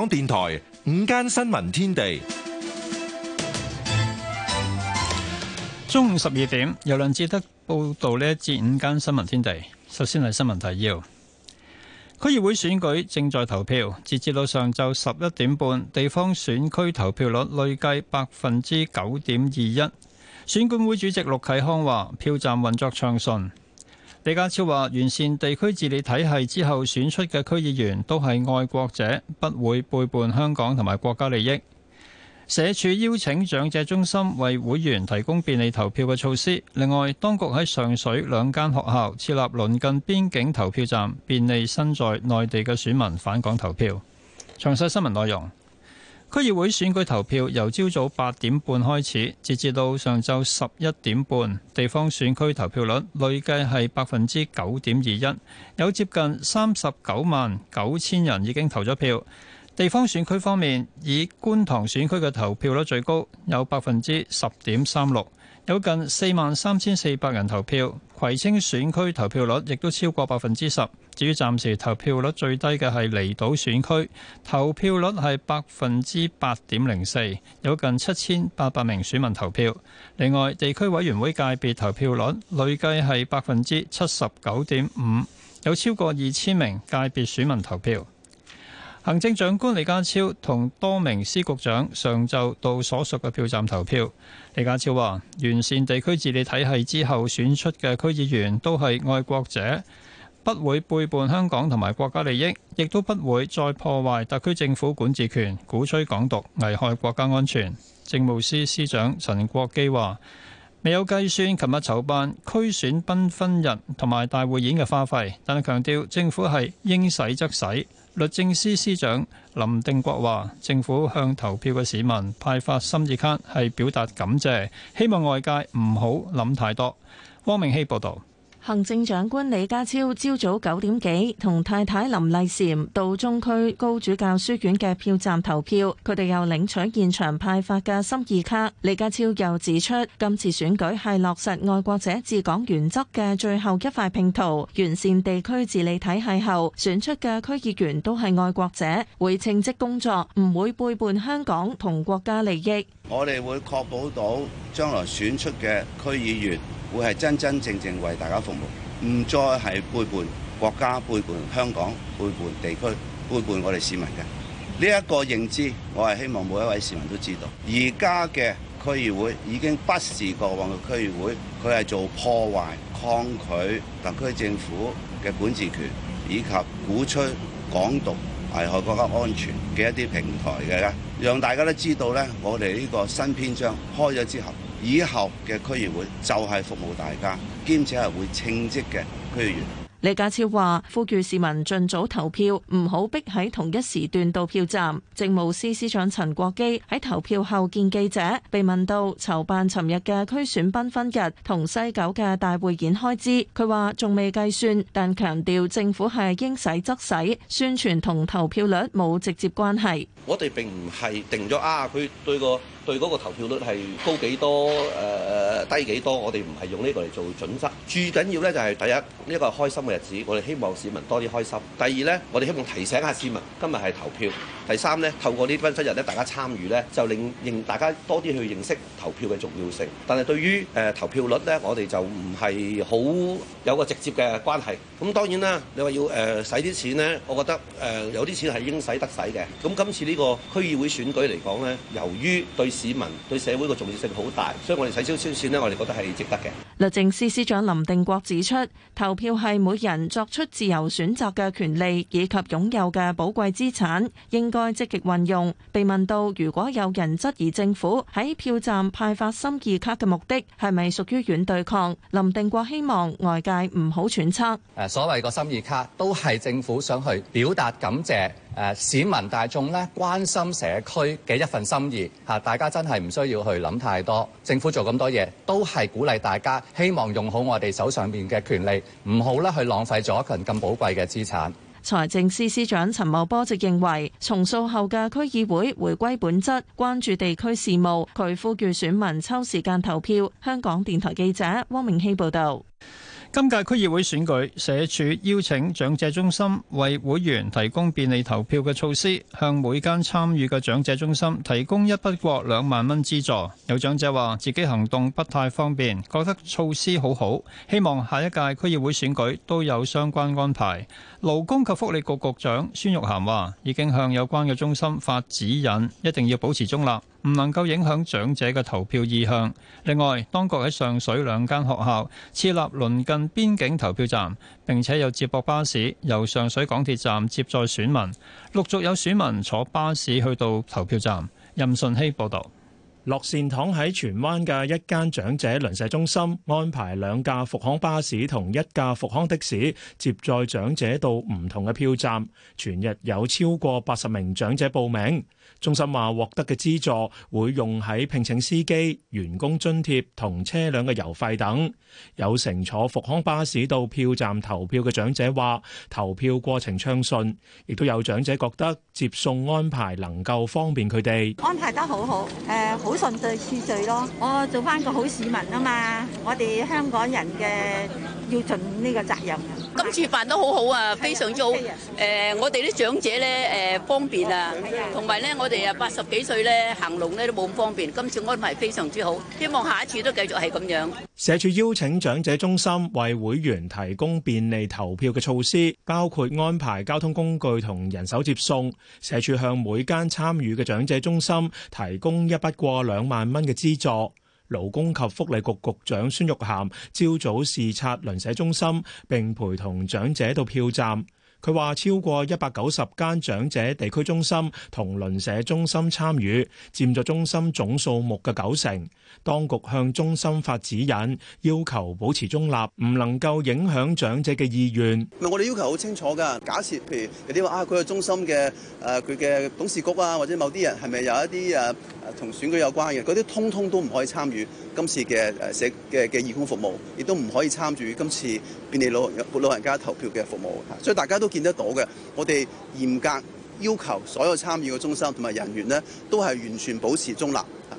港電台午間新聞天地，中午十二點由梁志德報道呢一節午間新聞天地。首先係新聞提要，區議會選舉正在投票，截至到上晝十一點半，地方選區投票率累計百分之九點二一。選管會主席陸啟康話，票站運作暢順。李家超話：完善地區治理體系之後選出嘅區議員都係愛國者，不會背叛香港同埋國家利益。社署邀請長者中心為會員提供便利投票嘅措施。另外，當局喺上水兩間學校設立鄰近邊境投票站，便利身在內地嘅選民返港投票。詳細新聞內容。區議會選舉投票由朝早八點半開始，截至到上晝十一點半，地方選區投票率累計係百分之九點二一，有接近三十九萬九千人已經投咗票。地方選區方面，以觀塘選區嘅投票率最高，有百分之十點三六。有近四萬三千四百人投票，葵青選區投票率亦都超過百分之十。至於暫時投票率最低嘅係離島選區，投票率係百分之八點零四，有近七千八百名選民投票。另外，地區委員會界別投票率累計係百分之七十九點五，有超過二千名界別選民投票。行政長官李家超同多名司局長上晝到所屬嘅票站投票。李家超話：完善地區治理體系之後選出嘅區議員都係愛國者，不會背叛香港同埋國家利益，亦都不會再破壞特區政府管治權，鼓吹港獨，危害國家安全。政務司司長陳國基話：未有計算琴日籌辦區選、繽紛日同埋大會演嘅花費，但係強調政府係應使則使。律政司司長林定國話，政府向投票嘅市民派發心意卡，係表達感謝，希望外界唔好諗太多。汪明希報道。行政長官李家超朝早九點幾同太太林麗嬋到中區高主教書院嘅票站投票，佢哋又領取現場派發嘅心意卡。李家超又指出，今次選舉係落實愛國者治港原則嘅最後一塊拼圖，完善地區治理體系後選出嘅區議員都係愛國者，會稱職工作，唔會背叛香港同國家利益。我哋會確保到將來選出嘅區議員。會係真真正正為大家服務，唔再係背叛國家、背叛香港、背叛地區、背叛我哋市民嘅。呢、這、一個認知，我係希望每一位市民都知道。而家嘅區議會已經不是過往嘅區議會，佢係做破壞、抗拒特區政府嘅管治權，以及鼓吹港獨、危害國家安全嘅一啲平台嘅。讓大家都知道呢，我哋呢個新篇章開咗之後。以後嘅區議會就係服務大家，兼且係會稱職嘅區議員。李家超話：呼籲市民盡早投票，唔好逼喺同一時段到票站。政務司司長陳國基喺投票後見記者，被問到籌辦尋日嘅區選繽紛日同西九嘅大匯演開支，佢話仲未計算，但強調政府係應使則使，宣傳同投票率冇直接關係。我哋並唔係定咗啊，佢對個對嗰個投票率係高幾多誒？呃低幾多？我哋唔係用呢個嚟做準則，最緊要咧就係第一呢個開心嘅日子，我哋希望市民多啲開心。第二咧，我哋希望提醒下市民，今日係投票。第三呢，透過呢啲分析日大家參與呢，就令認大家多啲去認識投票嘅重要性。但係對於誒投票率呢，我哋就唔係好有個直接嘅關係。咁當然啦，你話要誒使啲錢呢，我覺得誒有啲錢係應使得使嘅。咁今次呢個區議會選舉嚟講呢，由於對市民對社會嘅重要性好大，所以我哋使少少錢呢，我哋覺得係值得嘅。律政司司長林定國指出，投票係每人作出自由選擇嘅權利，以及擁有嘅寶貴資產，應該再積極運用。被問到如果有人質疑政府喺票站派發心意卡嘅目的係咪屬於軟對抗，林定國希望外界唔好揣測。誒，所謂個心意卡都係政府想去表達感謝，誒市民大眾咧關心社區嘅一份心意。嚇，大家真係唔需要去諗太多。政府做咁多嘢都係鼓勵大家，希望用好我哋手上邊嘅權利，唔好咧去浪費咗一群咁寶貴嘅資產。財政司司長陳茂波就認為，重塑後嘅區議會回歸本質，關注地區事務。佢呼籲選民抽時間投票。香港電台記者汪明希報導。今屆區議會選舉，社署邀請長者中心為會員提供便利投票嘅措施，向每間參與嘅長者中心提供一筆過兩萬蚊資助。有長者話自己行動不太方便，覺得措施好好，希望下一屆區議會選舉都有相關安排。勞工及福利局局長孫玉菡話，已經向有關嘅中心發指引，一定要保持中立。唔能夠影響長者嘅投票意向。另外，當局喺上水兩間學校設立鄰近邊境投票站，並且有接駁巴士由上水港鐵站接載選民。陸續有選民坐巴士去到投票站。任順希報道。樂善堂喺荃灣嘅一間長者鄰舍中心安排兩架復康巴士同一架復康的士接載長者到唔同嘅票站。全日有超過八十名長者報名。中心話獲得嘅資助會用喺聘請司機、員工津貼同車輛嘅油費等。有乘坐復康巴士到票站投票嘅長者話：投票過程暢順，亦都有長者覺得接送安排能夠方便佢哋。安排得好好，誒、呃，好順序次序咯。我做翻個好市民啊嘛，我哋香港人嘅要盡呢個責任。今次辦得好好啊，非常之好。誒，我哋啲長者咧，誒方便啊，同埋咧，我哋啊八十幾歲咧，行路咧都冇咁方便。今次安排非常之好，希望下一次都繼續係咁樣。社署邀請長者中心為會員提供便利投票嘅措施，包括安排交通工具同人手接送。社署向每間參與嘅長者中心提供一筆過兩萬蚊嘅資助。勞工及福利局局長孫玉菡朝早視察鄰舍中心，並陪同長者到票站。佢話超過一百九十間長者地區中心同鄰舍中心參與，佔咗中心總數目嘅九成。當局向中心發指引，要求保持中立，唔能夠影響長者嘅意願。唔係，我哋要求好清楚㗎。假設譬如你話啊，佢嘅中心嘅誒佢嘅董事局啊，或者某啲人係咪有一啲誒同選舉有關嘅？嗰啲通通都唔可以參與今次嘅誒社嘅嘅義工服務，亦都唔可以參與今次便利老老老人家投票嘅服務。所以大家都，見得到嘅，我哋嚴格要求所有參與嘅中心同埋人員咧，都係完全保持中立。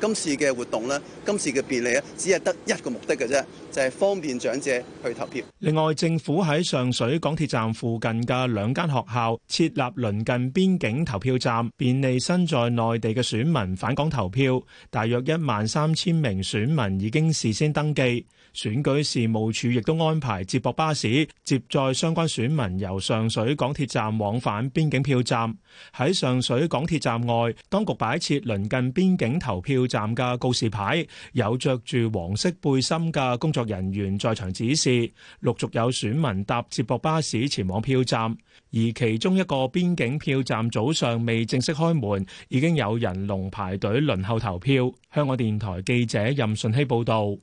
今次嘅活動咧，今次嘅便利咧，只係得一個目的嘅啫，就係方便長者去投票。另外，政府喺上水港鐵站附近嘅兩間學校設立鄰近邊境投票站，便利身在內地嘅選民返港投票。大約一萬三千名選民已經事先登記，選舉事務處亦都安排接駁巴士接載相關選民由上水港鐵站往返邊境票站。喺上水港鐵站外，當局擺設鄰近邊境投票站嘅告示牌，有著住黃色背心嘅工作人員在場指示。陸續有選民搭接駁巴士前往票站，而其中一個邊境票站早上未正式開門，已經有人龍排隊輪候投票。香港電台記者任順希報導。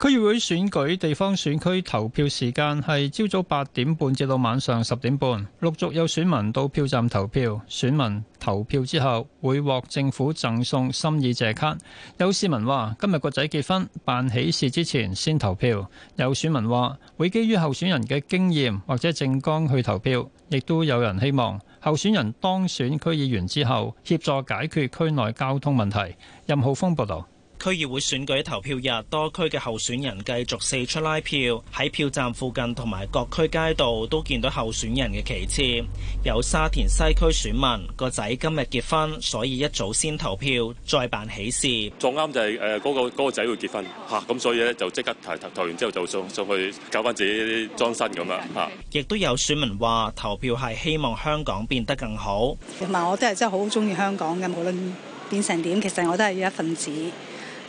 區議會選舉地方選區投票時間係朝早八點半至到晚上十點半。陸續有選民到票站投票。選民投票之後會獲政府贈送心意借卡。有市民話今日個仔結婚辦喜事之前先投票。有選民話會基於候選人嘅經驗或者政綱去投票，亦都有人希望候選人當選區議員之後協助解決區內交通問題。任浩峰報道。區議會選舉投票日，多區嘅候選人繼續四出拉票，喺票站附近同埋各區街道都見到候選人嘅旗幟。有沙田西區選民個仔今日結婚，所以一早先投票再辦喜事。仲啱就係誒嗰個仔、嗰個、會結婚嚇，咁、啊、所以咧就即刻投投投完之後就上上去搞翻自己啲裝身咁啦嚇。亦、啊、都有選民話投票係希望香港變得更好。同埋我都係真係好中意香港嘅，無論變成點，其實我都係一份子。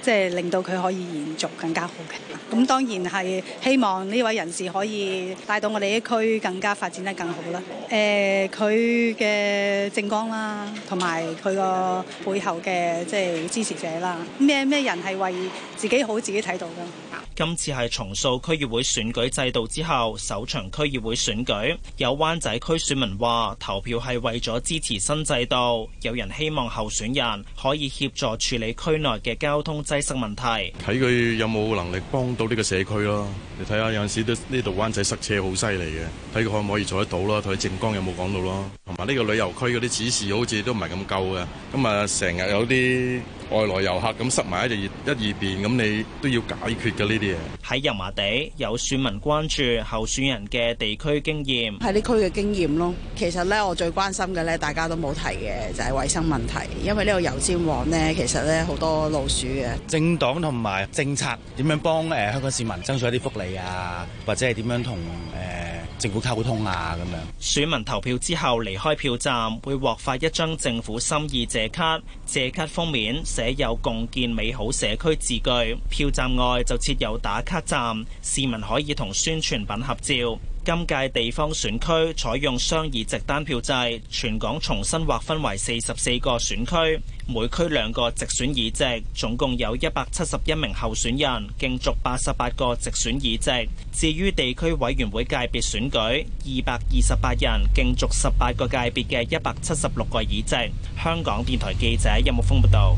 即係令到佢可以延續更加好嘅，咁當然係希望呢位人士可以帶到我哋啲區更加發展得更好啦。誒、呃，佢嘅政綱啦，同埋佢個背後嘅即係支持者啦，咩咩人係為自己好自己睇到㗎。今次係重塑區議會選舉制度之後首場區議會選舉，有灣仔區選民話投票係為咗支持新制度，有人希望候選人可以協助處理區內嘅交通擠塞問題。睇佢有冇能力幫到呢個社區咯，你睇下有陣時都呢度灣仔塞車好犀利嘅，睇佢可唔可以做得到啦？睇啲政綱有冇講到咯？同埋呢個旅遊區嗰啲指示好似都唔係咁夠嘅，咁啊成日有啲，外來遊客咁塞埋一地一二邊，咁你都要解決嘅，呢啲嘢。喺油麻地有選民關注候選人嘅地區經驗，係呢區嘅經驗咯。其實咧，我最關心嘅咧，大家都冇提嘅就係、是、衛生問題，因為呢個油尖旺咧，其實咧好多老鼠嘅。政黨同埋政策點樣幫誒、呃、香港市民爭取一啲福利啊？或者係點樣同誒？呃政府溝通啊，咁樣選民投票之後離開票站，會獲發一張政府心意借卡。借卡封面寫有「共建美好社區」字句。票站外就設有打卡站，市民可以同宣傳品合照。今屆地方選區採用雙議席單票制，全港重新劃分為四十四個選區，每區兩個直選議席，總共有一百七十一名候選人競逐八十八個直選議席。至於地區委員會界別選舉，二百二十八人競逐十八個界別嘅一百七十六個議席。香港電台記者任木峰報道。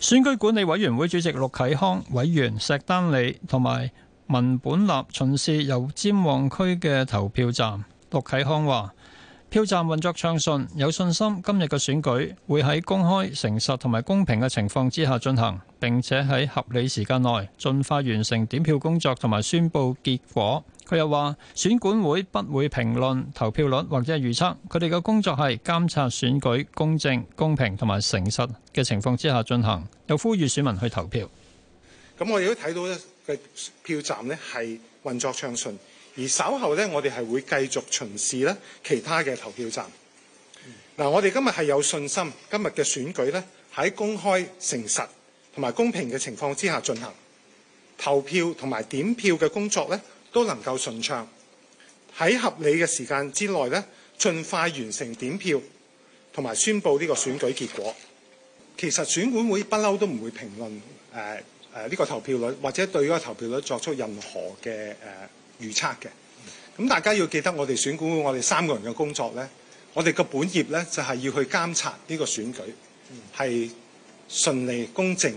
選舉管理委員會主席陸啟康、委員石丹理同埋。文本立巡視油尖旺區嘅投票站，陸啟康話：，票站運作暢順，有信心今日嘅選舉會喺公開、誠實同埋公平嘅情況之下進行，並且喺合理時間內盡快完成點票工作同埋宣布結果。佢又話：，選管會不會評論投票率或者係預測，佢哋嘅工作係監察選舉公正、公平同埋誠實嘅情況之下進行。又呼籲選民去投票。咁我亦都睇到一。票站咧係運作暢順，而稍後咧我哋係會繼續巡視咧其他嘅投票站。嗱、嗯，我哋今日係有信心，今日嘅選舉咧喺公開、誠實同埋公平嘅情況之下進行，投票同埋點票嘅工作咧都能夠順暢，喺合理嘅時間之內咧，盡快完成點票同埋宣佈呢個選舉結果。其實選管會不嬲都唔會評論誒。呃誒呢個投票率，或者對嗰個投票率作出任何嘅誒預測嘅。咁、呃、大家要記得，我哋選管會我哋三個人嘅工作呢，我哋個本業呢，就係、是、要去監察呢個選舉係、嗯、順利、公正、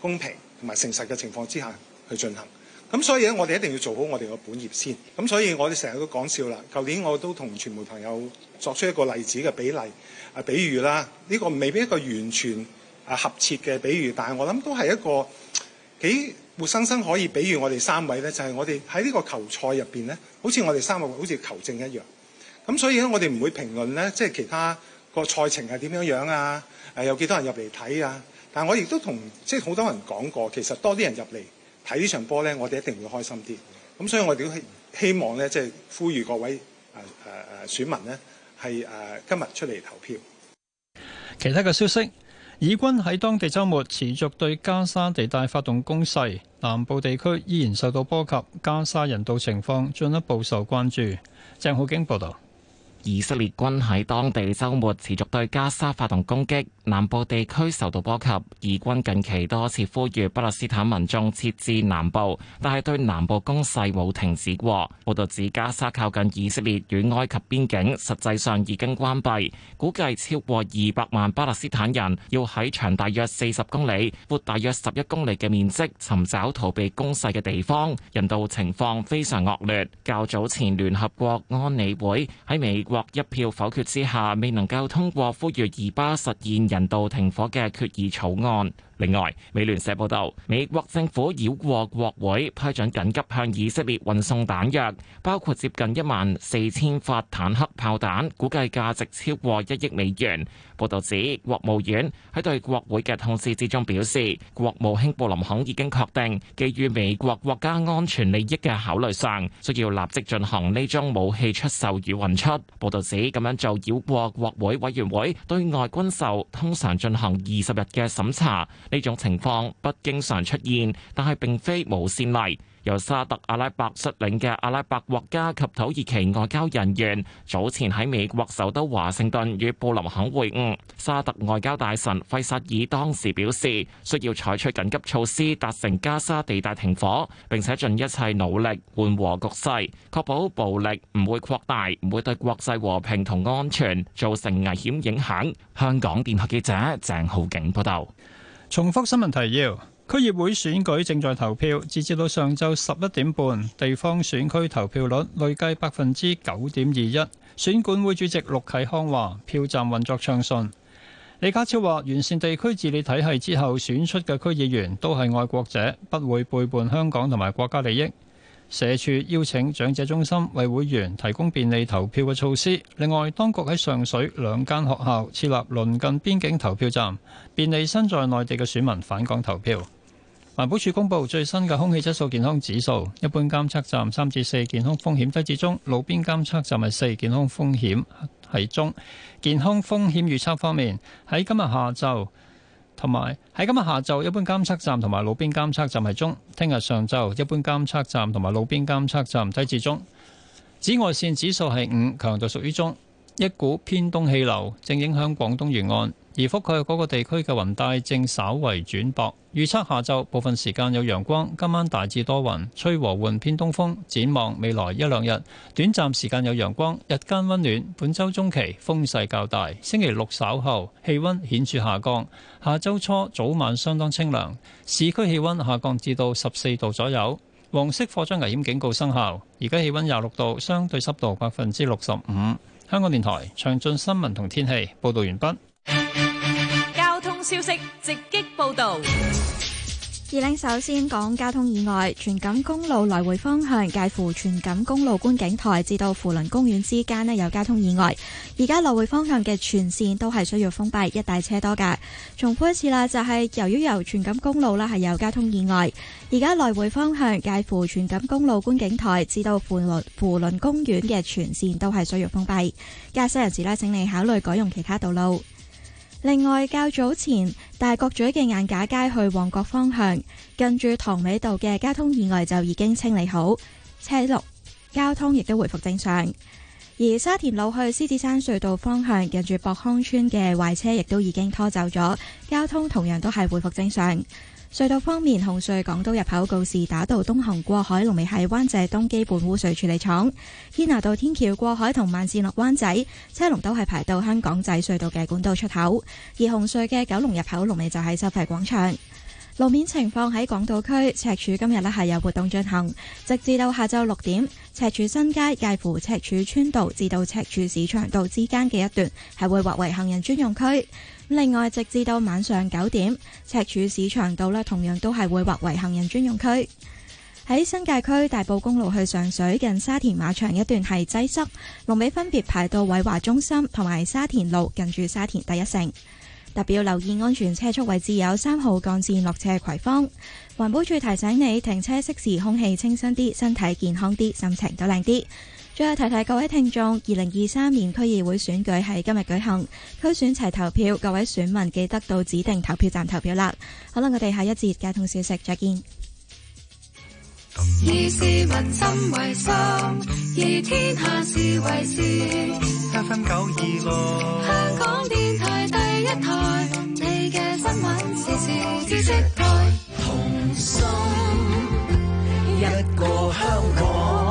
公平同埋誠實嘅情況之下去進行。咁所以咧，我哋一定要做好我哋個本業先。咁所以我，我哋成日都講笑啦。舊年我都同傳媒朋友作出一個例子嘅比例啊，比喻啦，呢、這個未必一個完全啊合切嘅比喻，但係我諗都係一個。幾活生生可以比喻我哋三位咧，就係、是、我哋喺呢個球賽入邊咧，好似我哋三個好似球證一樣。咁所以咧，我哋唔會評論咧，即係其他個賽程係點樣樣啊，誒有幾多人入嚟睇啊。但係我亦都同即係好多人講過，其實多啲人入嚟睇呢場波咧，我哋一定會開心啲。咁所以我哋都希望咧，即係呼籲各位誒誒誒選民咧，係誒、啊、今日出嚟投票。其他嘅消息。以軍喺當地週末持續對加沙地帶發動攻勢，南部地區依然受到波及，加沙人道情況進一步受關注。鄭浩經報道。以色列軍喺當地週末持續對加沙發動攻擊，南部地區受到波及。以軍近期多次呼籲巴勒斯坦民眾撤至南部，但係對南部攻勢冇停止過。報道指加沙靠近以色列與埃及邊境，實際上已經關閉。估計超過二百萬巴勒斯坦人要喺長大約四十公里、闊大約十一公里嘅面積尋找逃避攻勢嘅地方，人道情況非常惡劣。較早前聯合國安理會喺美國一票否決之下，未能夠通過呼籲以巴實現人道停火嘅決議草案。另外，美聯社報道，美國政府繞過國會批准緊急向以色列運送彈藥，包括接近一萬四千發坦克炮彈，估計價值超過一億美元。報道指，國務院喺對國會嘅通知之中表示，國務卿布林肯已經確定，基於美國國家安全利益嘅考慮上，需要立即進行呢宗武器出售與運出。報道指，咁樣做繞過國會委員會對外軍售通常進行二十日嘅審查。呢種情況不經常出現，但係並非無先例。由沙特阿拉伯率領嘅阿拉伯國家及土耳其外交人員早前喺美國首都華盛頓與布林肯會晤。沙特外交大臣費薩爾當時表示，需要採取緊急措施達成加沙地帶停火，並且盡一切努力緩和局勢，確保暴力唔會擴大，唔會對國際和平同安全造成危險影響。香港電台記者鄭浩景報道。重複新聞提要：區議會選舉正在投票，截至到上晝十一點半，地方選區投票率累計百分之九點二一。選管會主席陸啟康話：票站運作暢順。李家超話：完善地區治理體系之後，選出嘅區議員都係愛國者，不會背叛香港同埋國家利益。社署邀請長者中心為會員提供便利投票嘅措施。另外，當局喺上水兩間學校設立鄰近邊境投票站，便利身在內地嘅選民返港投票。環保署公布最新嘅空氣質素健康指數，一般監測站三至四健康風險低至中，路邊監測站係四健康風險係中。健康風險預測方面，喺今日下晝。同埋喺今日下晝一般監測站同埋路邊監測站係中，聽日上晝一般監測站同埋路邊監測站低至中。紫外線指數係五，強度屬於中。一股偏東氣流正影響廣東沿岸。而覆蓋嗰個地區嘅雲帶正稍為轉薄，預測下晝部分時間有陽光，今晚大致多雲，吹和緩偏東風，展望未來一兩日，短暫時間有陽光，日間溫暖。本周中期風勢較大，星期六稍後氣溫顯著下降，下周初早晚相當清涼，市區氣溫下降至到十四度左右。黃色火災危險警告生效，而家氣溫廿六度，相對濕度百分之六十五。香港電台詳盡新聞同天氣報道完畢。消息直擊報道。二零首先講交通意外，全錦公路來回方向介乎全錦公路觀景台至到扶輪公園之間咧有交通意外，而家來回方向嘅全線都係需要封閉，一帶車多噶。重複一次啦，就係由於由全錦公路啦係有交通意外，而家來回方向介乎全錦公路觀景台至到扶輪扶輪公園嘅全線都係需要封閉，駕駛人士咧，請你考慮改用其他道路。另外，較早前大角咀嘅晏架街去旺角方向，近住塘尾道嘅交通意外就已經清理好，車路交通亦都回復正常。而沙田路去獅子山隧道方向，近住博康村嘅壞車亦都已經拖走咗，交通同樣都係回復正常。隧道方面，紅隧港島入口告士打道東行過海龍尾喺灣仔東基本污水處理廠，堅拿道天橋過海同慢線落灣仔車龍都係排到香港仔隧道嘅管道出口，而紅隧嘅九龍入口龍尾就喺收費廣場。路面情況，喺港島區赤柱今日呢，係有活動進行，直至到下晝六點，赤柱新街介乎赤柱村道至到赤柱市場道之間嘅一段係會劃為行人專用區。另外，直至到晚上九點，赤柱市場道呢同樣都係會劃為行人專用區。喺新界區大埔公路去上水近沙田馬場一段係擠塞，龍尾分別排到偉華中心同埋沙田路近住沙田第一城。特別留意安全車速位置有三號幹線落斜葵芳。環保處提醒你停車熄匙，空氣清新啲，身體健康啲，心情都靚啲。最後提提各位聽眾，二零二三年區議會選舉喺今日舉行，區選齊投票，各位選民記得到指定投票站投票啦。好啦，我哋下一節交通消息，再見。以市民心為心，以天下事為先。香港電台。一台你嘅新聞，時時知識台，同心一個香港。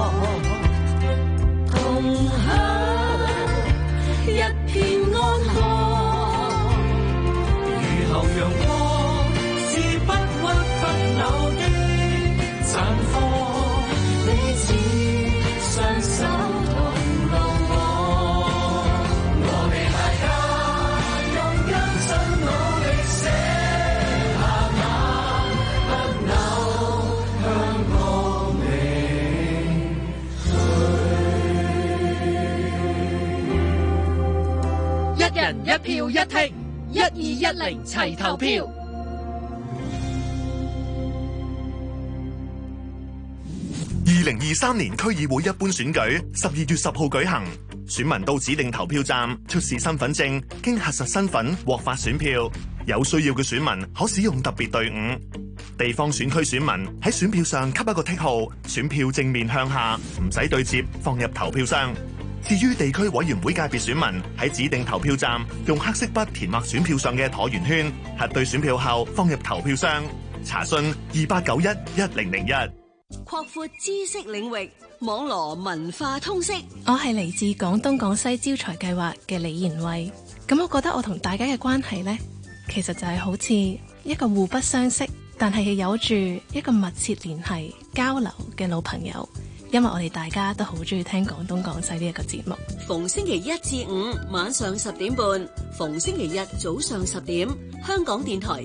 一票一剔，一二一零齊投票。二零二三年區議會一般選舉十二月十號舉行，選民到指定投票站出示身份證，經核實身份獲發選票。有需要嘅選民可使用特別隊伍。地方選區選民喺選票上給一個剔號，選票正面向下，唔使對接，放入投票箱。至於地區委員會界別選民喺指定投票站用黑色筆填畫選票上嘅橢圓圈，核對選票後放入投票箱。查詢二八九一一零零一。擴闊知識領域，網羅文化通識。我係嚟自廣東廣西招財計劃嘅李賢慧。咁我覺得我同大家嘅關係呢，其實就係好似一個互不相識，但係有住一個密切聯繫交流嘅老朋友。因為我哋大家都好中意聽廣東廣西呢一個節目，逢星期一至五晚上十點半，逢星期日早上十點，香港電台。